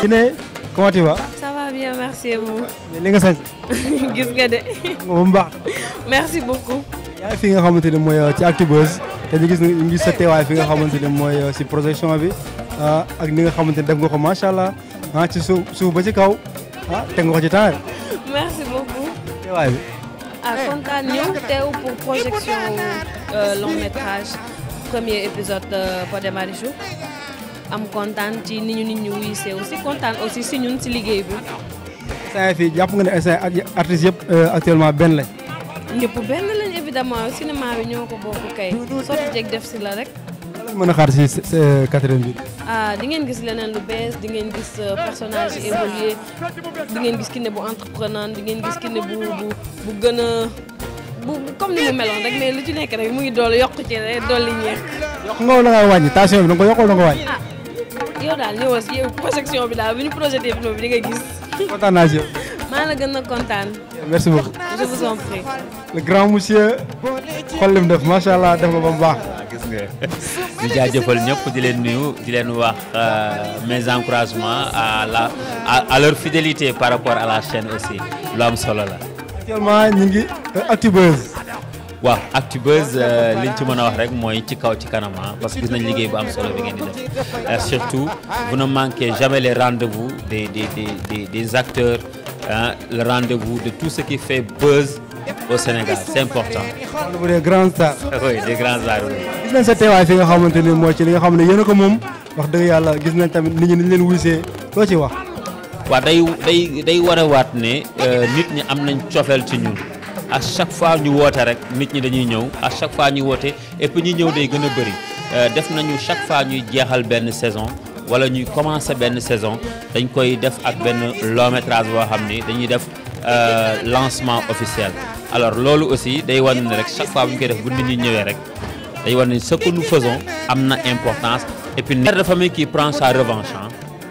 Kiné comment tu vas. ça bien merci beaucoup. li nga sañ. gis nga de. merci beaucoup. fi nga xamante ne mooy euh, ci Actubuzz te ñu gis ñu ngi sa teewaay fi nga xamante ne mooy si euh, projection bi euh, ak ni nga xamante ne def nga ko macha allah ah ci suuf suuf ba ci kaw ah teg nga ko ci temps merci beaucoup. teewaay bi. ah eh, kontaan ñëw eh, teew pour projection long métrage premier épisode Pod et am kontaan ci ni ñu nit ñu wuy see aussi kontaan aussi si ñun si liggéey bi. saa fii jàpp nga ne essai ak artistes euh, actuellement benn lañ. ñëpp benn lañ évidemment bi ñoo ko bokk kay. sotti jeeg def si la rek. mën a xaar si euh, quatrième bi. ah di ngeen gis leneen di ngeen gis euh, personnage yi évolué ngeen gis Kiné bu entreprenant di ngeen gis bu bu bu gën a bu comme ni ci nekk rek mu ngi dool yokk ci rek dolli ñeex. yokk nga wala nga wàññi tension bi da nga ko yokk wala nga wàññi. Ah, yow daal ñëwoon si yow projection bi daal bu ñu projeté film bi di nga gis. kontaan maa la gën a kontaan. merci beaucoup. je vous en le grand monsieur. xol lim def macha allah def nga ba mu baax. Ah, gis nga di jaajëfal ñëpp di leen nuyu di leen wax euh, mes encouragements à la à leur fidélité par rapport à la chaîne aussi lu am solo la. actuellement ñu ngi euh, waaw li euh, liñ ci mën a wax rek mooy ci kaw ci kanama ah, parce que gis nañ liggéey bu am solo bi ngeen di def euh, surtout vous ne manquez jamais les rendez-vous des des des des acteurs hein, de tout ce qui fait buzz au Sénégal c'est important. bu dee grand star. oui des grands stars. gis nañ sa teewaay fi nga xamante ni moo ci li nga xam ne yéen ko moom wax dëgg yàlla gis nañ tamit nit ñi ni ñu leen wuysee loo ci wax. waa day day day warawaat ne euh, nit ñi am nañ cofeel ci ñun. a chaque fois ñu woote rek nit ñi dañuy ñëw à chaque fois ñu woote et puis ñëw day gën a bëri euh, def nañu chaque fois ñuy jeexal benn saison wala ñuy commencer benn saison dañ koy def ak benn long métrage boo xam ni dañuy def euh, lancement officiel alors loolu aussi day wan ne rek chaque fois bu ñu koy def bu nit ñi ñëwee rek day wan ne ce que nous am na importance et puis mère de famille qui prend sa revanche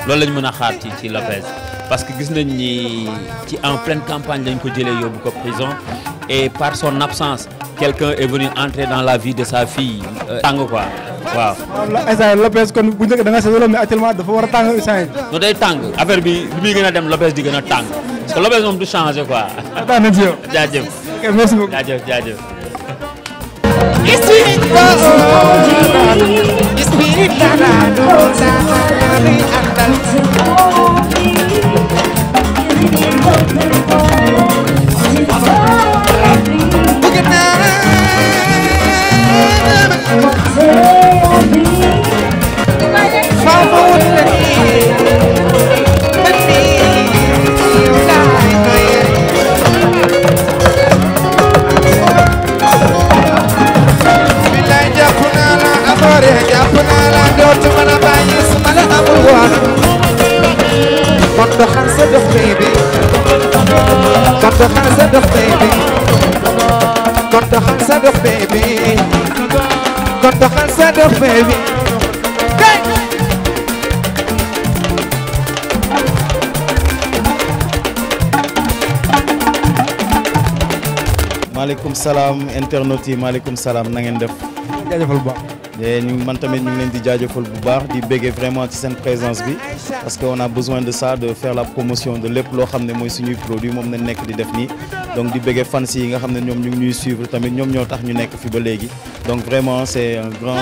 loolu la ñu mën a xaar ci ci Lopez parce que gis nañ ni ci en pleine campagne lañ ko jëlee yóbbu ko prison et par son absence quelqu'un est venu entrer dans la vie de sa fille euh, tàng quoi waaw. waaw Lopez kon bu na da nga dafa war a tàng Ousseyn. non day tàng affaire bi li muy gën a dem Lopez di gën a tàng parce que Lopez moom du changer quoi. daa bi kon doxal sa dofe bi kay maaleykum salaam internautes yi maaleykum salaam na ngeen def jaajëfal bu baax ñu man tamit ñu ngi leen di jaajëfal bu baax di béggee vraiment ci seen présence bi parce que on a besoin de ça de faire la promotion de lépp loo xam ne mooy suñuy produit moom nañ nekk di def nii donc di béggee fans nga xam ne ñoom ñu ñuy suivre tamit ñoom ñoo tax ñu nekk fi ba léegi donc vraiment c'est un grand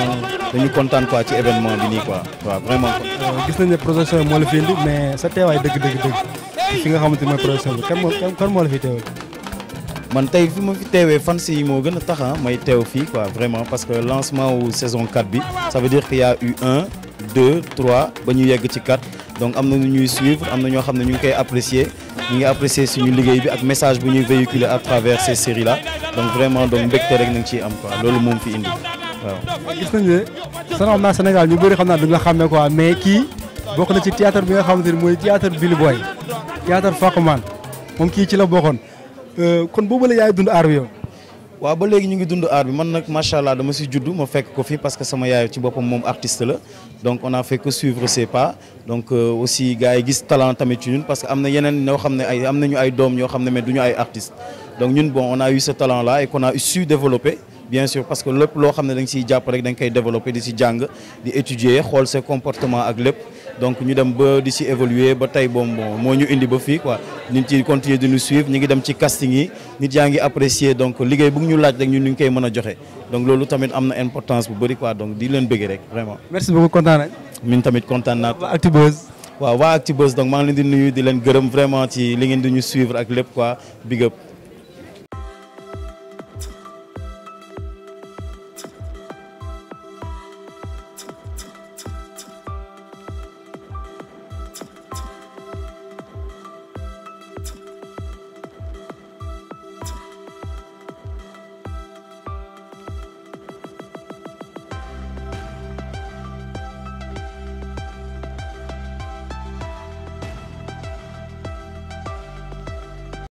dañu kontaan quoi ci événement bi nii quoi waaw vraiment euh, gis nañ ne projection yi moo la fi indi mais sa teewaay dëgg dëgg dëgg fi nga xamante mooy man tey fi ma fi teewee fans moo gën a tax ah, may teew fii quoi vraiment parce que lancement saison 4 bi ça veut dire qu'il y a eu 1 2 ba ñu yegg ci 4 donc am na ñu ñuy suivre am na ñoo xam ne ñu ngi koy apprécier ñu ngi apprécier suñu liggéey bi ak message bu ñuy véhiculer à travers ces séries là donc vraiment donc mbégte rek nañ ciy am quoi loolu moom fi indi waaw. gis nañu ne sax naa Sénégal ñu bëri xam naa du nga xàmmee quoi mais kii bokk na ci théâtre bi nga xamante ni mooy théâtre Billy Boy théâtre Fakman moom kii ci la bokkoon. Euh, kon boobu la yaay dund aar bi yow. waaw ba léegi ñu ngi dund aar bi man nag macha allah dama si judd ma fekk ko fi parce que sama yaay ci boppam moom artiste la donc on a fait que suivre ses pas donc euh, aussi gars yi gis talent tamit ci ñun parce que am na yeneen ñoo xam ne ay am nañu ay doom ñoo xam ne mais du ñu ay artistes donc ñun bon on a eu ce talent là et qu'on a su développer. bien sûr parce que lépp loo xam ne da nga siy jàpp rek da nga koy développer di si jàng di étudier xool ses comportements ak lépp. donc ñu dem ba di ci évoluer ba tey bon bon moo ñu indi ba fii quoi nit ci continuer di ñu suivre ñu ngi dem ci casting yi nit yaa ngi apprécier donc liggéey bu ñu laaj rek ñun ñu ngi koy mën a joxe donc loolu tamit am na importance bu bëri quoi donc di leen bëggee rek vraiment. merci beaucoup kontaan nañ. min tamit kontaan naa. waa Actubuzz. waaw waa Actubuzz donc maa ngi leen di nuyu di leen gërëm vraiment ci li ngeen di ñu suivre ak lépp quoi big